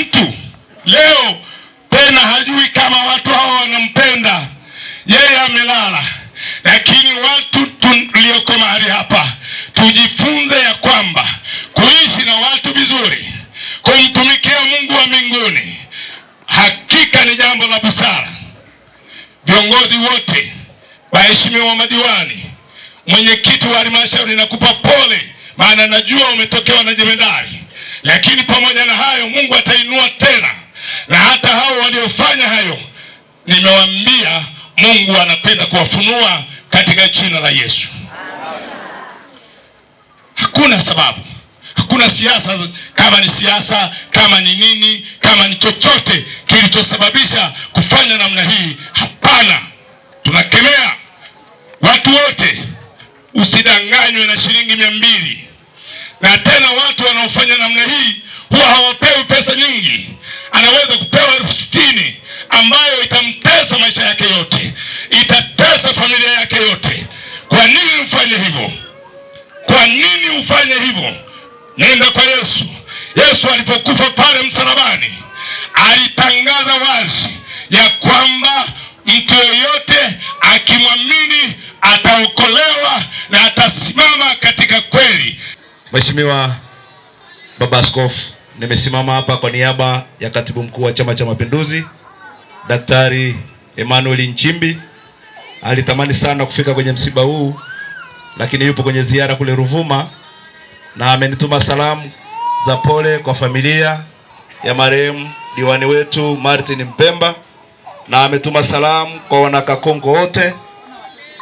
mtu leo tena hajui kama watu hao wanampenda yeye, amelala. Lakini watu tulioko mahali hapa tujifunze ya kwamba kuishi na watu vizuri, kumtumikia Mungu wa mbinguni hakika ni jambo la busara. Viongozi wote, waheshimiwa madiwani, mwenyekiti wa halimashauri nakupa pole, maana najua umetokewa na jemedari lakini pamoja na hayo, Mungu atainua tena, na hata hao waliofanya hayo, nimewaambia Mungu anapenda kuwafunua katika jina la Yesu. Hakuna sababu, hakuna siasa, kama ni siasa, kama ni nini, kama ni chochote kilichosababisha kufanya namna hii, hapana. Tunakemea watu wote, usidanganywe na shilingi mia mbili na tena wanaofanya namna hii huwa hawapewi pesa nyingi. Anaweza kupewa elfu sitini ambayo itamtesa maisha yake yote, itatesa familia yake yote. Kwa nini ufanye hivyo? Kwa nini ufanye hivyo? Nenda kwa Yesu. Yesu alipokufa pale msalabani, alitangaza wazi ya kwamba mtu yoyote akimwamini ataokolewa na atasimama katika kweli. Mheshimiwa Baba Askofu, nimesimama hapa kwa niaba ya katibu mkuu wa Chama cha Mapinduzi Daktari Emmanuel Nchimbi. Alitamani sana kufika kwenye msiba huu, lakini yupo kwenye ziara kule Ruvuma na amenituma salamu za pole kwa familia ya marehemu diwani wetu Martin Mpemba, na ametuma salamu kwa wanakakongo wote.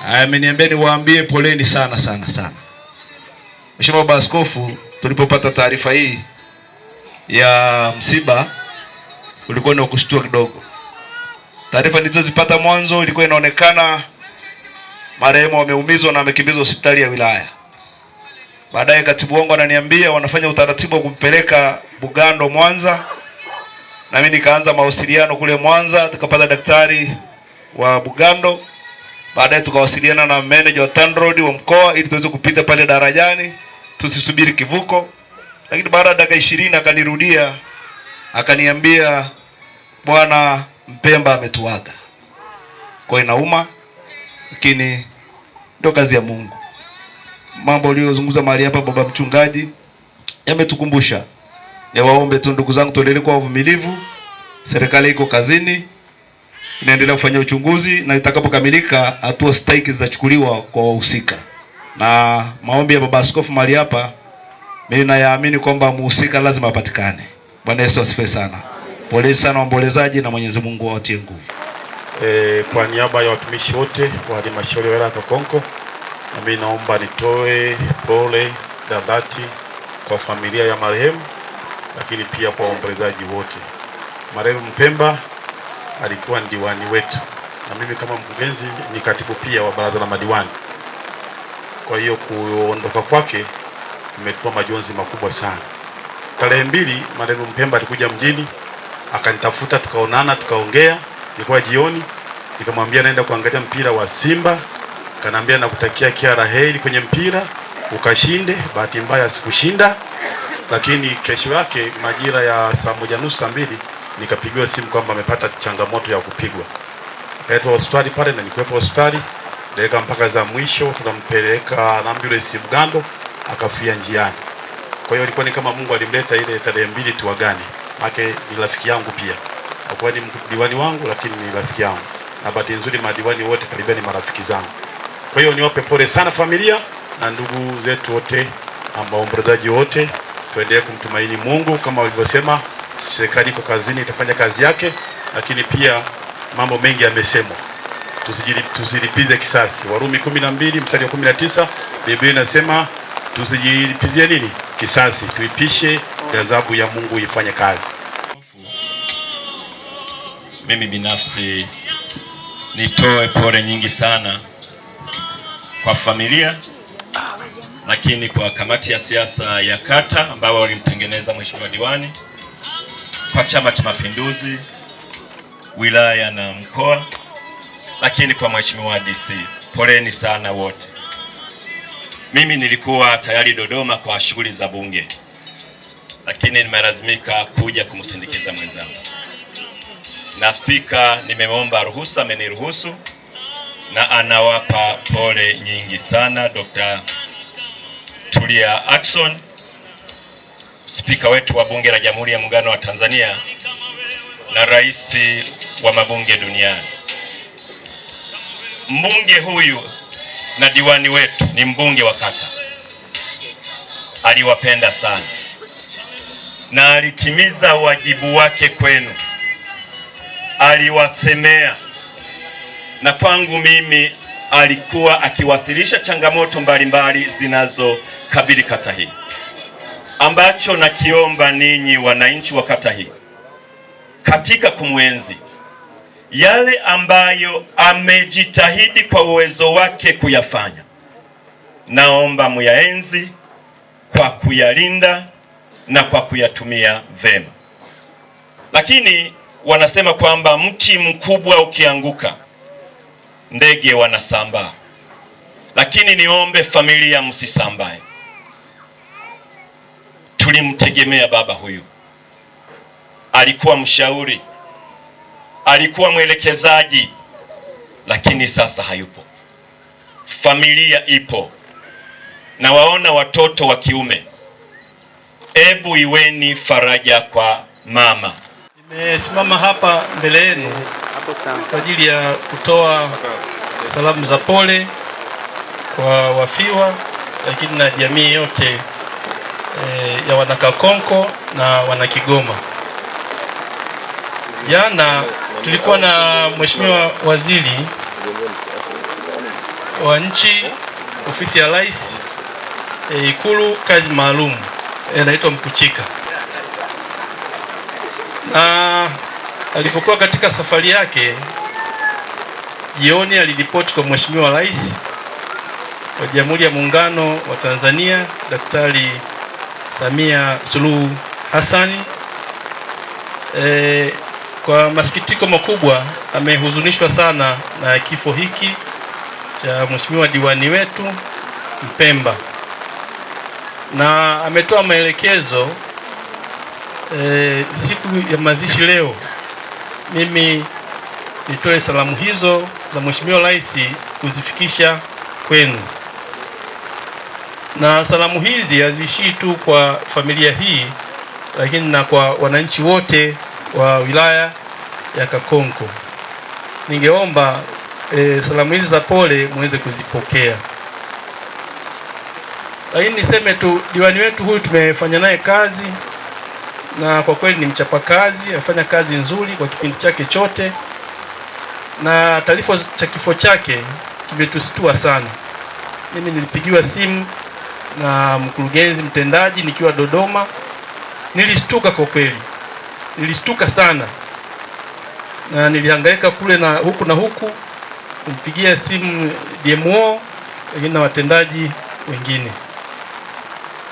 Ameniambia niwaambie poleni sana sana sana. Mheshimiwa Baba Askofu, tulipopata taarifa hii ya msiba ulikuwa ni kushtua kidogo. Taarifa nilizozipata mwanzo ilikuwa inaonekana marehemu wameumizwa na amekimbizwa hospitali ya wilaya. Baadaye katibu wangu ananiambia wanafanya utaratibu wa kumpeleka Bugando Mwanza, na mimi nikaanza mawasiliano kule Mwanza, tukapata daktari wa Bugando, baadaye tukawasiliana na manager wa TANROADS wa mkoa ili tuweze kupita pale darajani tusisubiri kivuko. Lakini baada ya dakika ishirini akanirudia akaniambia, bwana Mpemba ametuaga. Kwa inauma, lakini ndio kazi ya Mungu. Mambo uliyozungumza mahali hapa, baba mchungaji, yametukumbusha. Niwaombe tu ndugu zangu, tuendelee kuwa wavumilivu. Serikali iko kazini, inaendelea kufanya uchunguzi na itakapokamilika, hatua stahiki zitachukuliwa kwa wahusika na maombi ya baba askofu mali hapa, mimi nayaamini kwamba muhusika lazima apatikane. Bwana Yesu asifiwe sana. Poleni sana waombolezaji na Mwenyezi Mungu awatie nguvu. E, kwa niaba ya watumishi wote wa halmashauri ya wilaya Kakonko, nami naomba nitoe pole za dhati kwa familia ya marehemu, lakini pia kwa waombolezaji wote. Marehemu Mpemba alikuwa ndiwani wetu na mimi kama mkurugenzi ni katibu pia wa baraza la madiwani. Kwa hiyo kuondoka kwake imetoa majonzi makubwa sana. Tarehe mbili marehemu Mpemba alikuja mjini akanitafuta, tukaonana, tukaongea, ilikuwa jioni. Nikamwambia naenda kuangalia mpira wa Simba, kanaambia nakutakia kila la heri kwenye mpira ukashinde. Bahati mbaya sikushinda, lakini kesho yake majira ya saa moja nusu saa mbili nikapigiwa simu kwamba amepata changamoto ya kupigwa, kaetwa hospitali pale na nikuwepo hospitali dakika mpaka za mwisho tunampeleka na ambulance Mgando akafia njiani. Kwa hiyo ilikuwa ni kama Mungu alimleta ile tarehe mbili tu agani. maana ni rafiki yangu pia, hakuwa ni diwani wangu, lakini ni rafiki yangu, na bahati nzuri madiwani wote karibia ni marafiki zangu. Kwa hiyo niwape pole sana familia na ndugu zetu wote ambao waombolezaji wote, tuendelee kumtumaini Mungu kama walivyosema, serikali iko kazini, itafanya kazi yake, lakini pia mambo mengi yamesemwa tusilipize kisasi. Warumi 12 mstari wa 19, Biblia inasema tusijilipizie nini kisasi, tuipishe ghadhabu ya Mungu ifanye kazi. Mimi binafsi nitoe pole nyingi sana kwa familia, lakini kwa kamati ya siasa ya kata ambao walimtengeneza mheshimiwa diwani, kwa Chama cha Mapinduzi wilaya na mkoa lakini kwa mheshimiwa DC, poleni sana wote. Mimi nilikuwa tayari Dodoma kwa shughuli za bunge, lakini nimelazimika kuja kumsindikiza mwenzangu, na spika nimeomba ruhusa, ameniruhusu na anawapa pole nyingi sana Dr. Tulia Ackson, spika wetu wa bunge la Jamhuri ya Muungano wa Tanzania na rais wa mabunge duniani mbunge huyu na diwani wetu ni mbunge wa kata, aliwapenda sana na alitimiza wajibu wake kwenu, aliwasemea na kwangu mimi alikuwa akiwasilisha changamoto mbalimbali zinazokabili kata hii. Ambacho nakiomba ninyi wananchi wa kata hii katika kumwenzi yale ambayo amejitahidi kwa uwezo wake kuyafanya, naomba muyaenzi kwa kuyalinda na kwa kuyatumia vema. Lakini wanasema kwamba mti mkubwa ukianguka ndege wanasambaa, lakini niombe familia, msisambae. Tulimtegemea baba huyu, alikuwa mshauri alikuwa mwelekezaji, lakini sasa hayupo. Familia ipo na waona watoto wa kiume, ebu iweni faraja kwa mama. Nimesimama hapa mbele yenu kwa ajili ya kutoa salamu za pole kwa wafiwa, lakini na jamii yote e, ya wanakakonko na wanakigoma jana Tulikuwa na Mheshimiwa Waziri wa Nchi, Ofisi ya Rais, eh, Ikulu, kazi maalum, anaitwa eh, Mkuchika, na alipokuwa katika safari yake jioni aliripoti kwa Mheshimiwa Rais wa Jamhuri ya Muungano wa Tanzania Daktari Samia Suluhu Hassan e, kwa masikitiko makubwa amehuzunishwa sana na kifo hiki cha mheshimiwa diwani wetu Mpemba, na ametoa maelekezo e, siku ya mazishi leo mimi nitoe salamu hizo za mheshimiwa rais kuzifikisha kwenu, na salamu hizi haziishii tu kwa familia hii, lakini na kwa wananchi wote wa wilaya ya Kakonko. Ningeomba e, salamu hizi za pole muweze kuzipokea. Lakini niseme tu diwani wetu huyu tumefanya naye kazi, na kwa kweli ni mchapakazi, afanya kazi nzuri kwa kipindi chake chote, na taarifa cha kifo chake kimetusitua sana. Mimi nilipigiwa simu na mkurugenzi mtendaji nikiwa Dodoma, nilishtuka kwa kweli nilishtuka sana na nilihangaika kule na huku na huku kumpigia simu DMO lakini na watendaji wengine,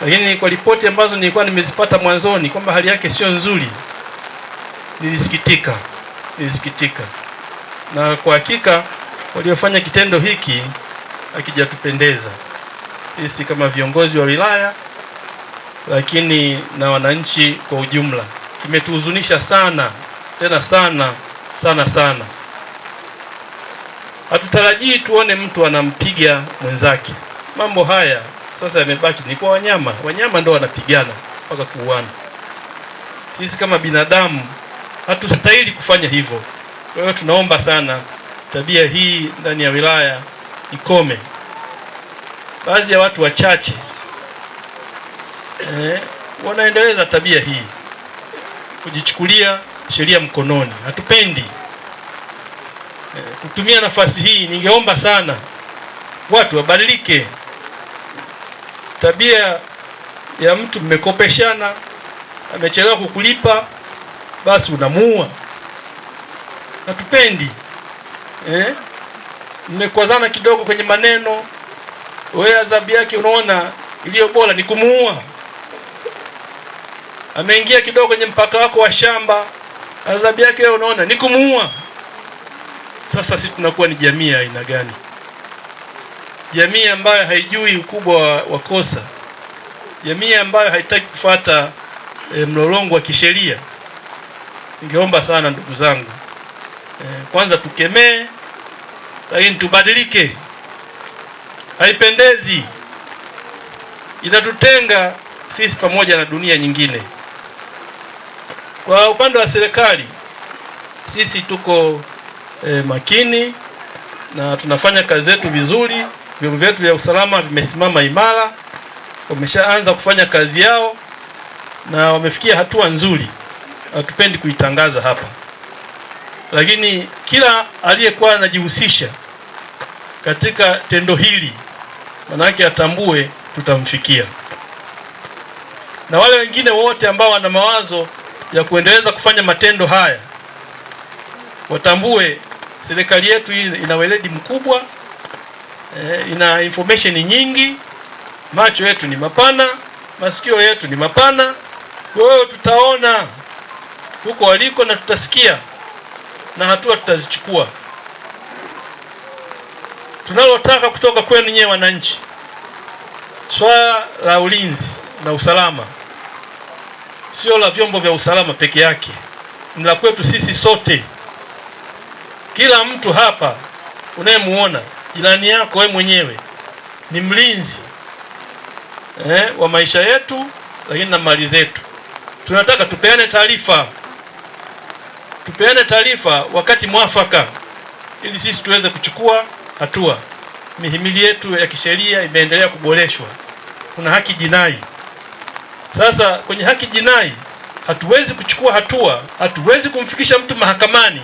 lakini kwa ripoti ambazo nilikuwa nimezipata mwanzoni kwamba hali yake sio nzuri, nilisikitika nilisikitika, na kwa hakika waliofanya kitendo hiki hakijatupendeza sisi kama viongozi wa wilaya, lakini na wananchi kwa ujumla imetuhuzunisha sana tena sana sana sana. Hatutarajii tuone mtu anampiga mwenzake. Mambo haya sasa yamebaki ni kwa wanyama. Wanyama ndo wanapigana mpaka kuuana. Sisi kama binadamu hatustahili kufanya hivyo. Kwa hiyo tunaomba sana tabia hii ndani ya wilaya ikome. Baadhi ya watu wachache eh, wanaendeleza tabia hii kujichukulia sheria mkononi, hatupendi eh, kutumia nafasi hii. Ningeomba sana watu wabadilike, tabia ya mtu mmekopeshana, amechelewa kukulipa, basi unamuua. Hatupendi eh? Mmekwazana kidogo kwenye maneno, wewe adhabu yake unaona iliyo bora ni kumuua ameingia kidogo kwenye mpaka wako wa shamba, adhabu yake unaona ni kumuua. Sasa sisi tunakuwa ni jamii ya aina gani? Jamii ambayo haijui ukubwa wa kosa, jamii ambayo haitaki kufuata e, mlolongo wa kisheria. Ningeomba sana ndugu zangu, e, kwanza tukemee, lakini tubadilike. Haipendezi, inatutenga sisi pamoja na dunia nyingine. Kwa upande wa serikali sisi tuko e, makini na tunafanya kazi zetu vizuri. Vyombo vyetu vya usalama vimesimama imara, wameshaanza kufanya kazi yao na wamefikia hatua nzuri, hatupendi kuitangaza hapa, lakini kila aliyekuwa anajihusisha katika tendo hili manake atambue tutamfikia, na wale wengine wote ambao wana mawazo ya kuendeleza kufanya matendo haya, watambue serikali yetu hii ina weledi mkubwa, eh, ina information nyingi, macho yetu ni mapana, masikio yetu ni mapana. Kwa hiyo tutaona huko waliko na tutasikia na hatua tutazichukua. Tunalotaka kutoka kwenu nyewe wananchi, swala la ulinzi na usalama sio la vyombo vya usalama peke yake, ni la kwetu sisi sote. Kila mtu hapa unayemuona jirani yako, wewe mwenyewe ni mlinzi eh, wa maisha yetu, lakini na mali zetu. Tunataka tupeane taarifa, tupeane taarifa wakati mwafaka, ili sisi tuweze kuchukua hatua. Mihimili yetu ya kisheria imeendelea kuboreshwa. Kuna haki jinai sasa kwenye haki jinai hatuwezi kuchukua hatua, hatuwezi kumfikisha mtu mahakamani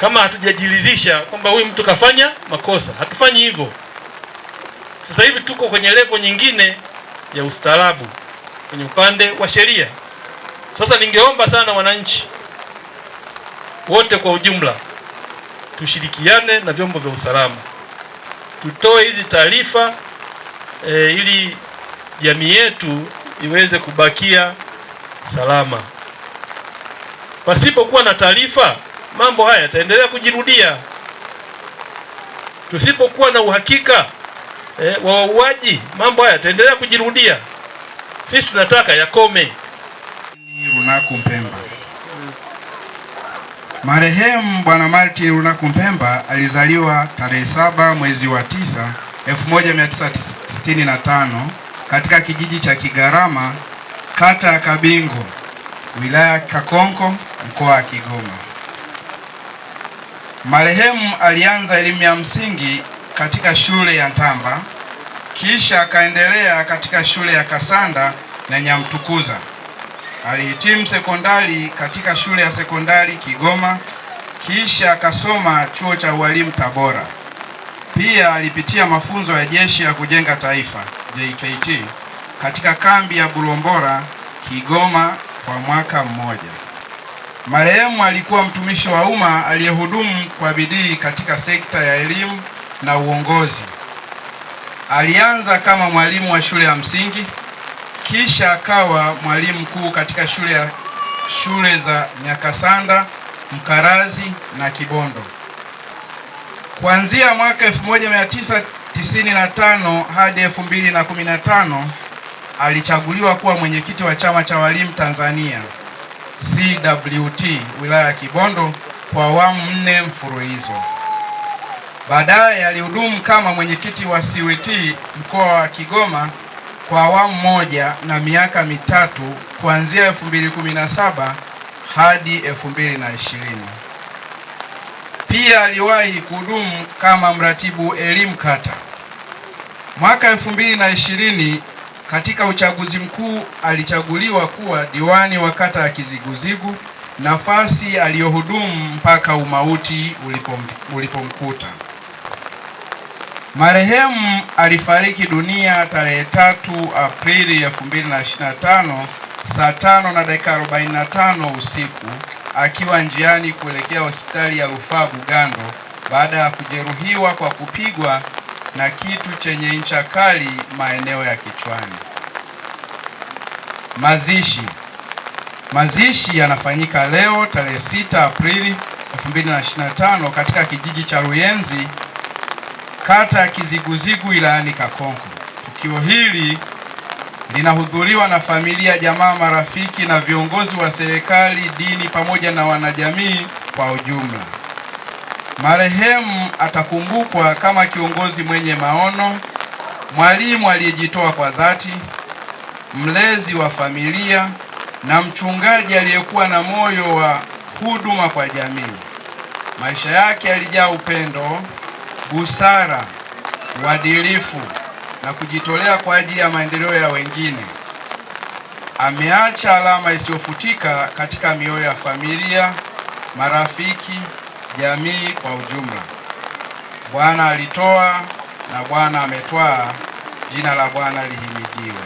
kama hatujajiridhisha kwamba huyu mtu kafanya makosa. Hatufanyi hivyo. Sasa hivi tuko kwenye levo nyingine ya ustaarabu kwenye upande wa sheria. Sasa ningeomba sana wananchi wote kwa ujumla tushirikiane na vyombo vya usalama, tutoe hizi taarifa e, ili jamii yetu iweze kubakia salama. Pasipokuwa na taarifa, mambo haya yataendelea kujirudia. Tusipokuwa na uhakika eh, wa wauaji, mambo haya yataendelea kujirudia. Sisi tunataka yakome. Runaku Mpemba, marehemu Bwana Martin Runaku Mpemba alizaliwa tarehe saba mwezi wa tisa 1965 katika kijiji cha Kigarama, kata ya Kabingo, wilaya ya Kakonko, mkoa wa Kigoma. Marehemu alianza elimu ya msingi katika shule ya Ntamba, kisha akaendelea katika shule ya Kasanda na Nyamtukuza. Alihitimu sekondari katika shule ya sekondari Kigoma, kisha akasoma chuo cha ualimu Tabora. Pia alipitia mafunzo ya jeshi la kujenga taifa. JKT katika kambi ya Bulombora Kigoma kwa mwaka mmoja. Marehemu alikuwa mtumishi wa umma aliyehudumu kwa bidii katika sekta ya elimu na uongozi. Alianza kama mwalimu wa shule ya msingi kisha akawa mwalimu mkuu katika shule ya shule za Nyakasanda, Mkarazi na Kibondo. Kuanzia mwaka tisini na tano hadi elfu mbili na kumi na tano alichaguliwa kuwa mwenyekiti wa chama cha walimu Tanzania CWT wilaya ya Kibondo kwa awamu nne mfululizo. Baadaye alihudumu kama mwenyekiti wa CWT mkoa wa Kigoma kwa awamu moja na miaka mitatu kuanzia 2017 hadi 2020. Pia aliwahi kuhudumu kama mratibu elimu kata. Mwaka elfu mbili na ishirini katika uchaguzi mkuu alichaguliwa kuwa diwani wa kata ya Kiziguzigu, nafasi aliyohudumu mpaka umauti ulipomkuta. Marehemu alifariki dunia tarehe tatu Aprili 2025 saa tano na dakika 45 usiku akiwa njiani kuelekea hospitali ya rufaa Bugando baada ya kujeruhiwa kwa kupigwa na kitu chenye ncha kali maeneo ya kichwani. Mazishi. Mazishi yanafanyika leo tarehe 6 Aprili 2025 katika kijiji cha Ruyenzi, kata ya Kiziguzigu, wilayani Kakonko. Tukio hili linahudhuriwa na familia, jamaa, marafiki na viongozi wa serikali, dini pamoja na wanajamii kwa ujumla. Marehemu atakumbukwa kama kiongozi mwenye maono, mwalimu aliyejitoa kwa dhati, mlezi wa familia na mchungaji aliyekuwa na moyo wa huduma kwa jamii. Maisha yake yalijaa upendo, busara, uadilifu na kujitolea kwa ajili ya maendeleo ya wengine. Ameacha alama isiyofutika katika mioyo ya familia, marafiki jamii kwa ujumla. Bwana alitoa na Bwana ametwaa, jina la Bwana lihimidiwe.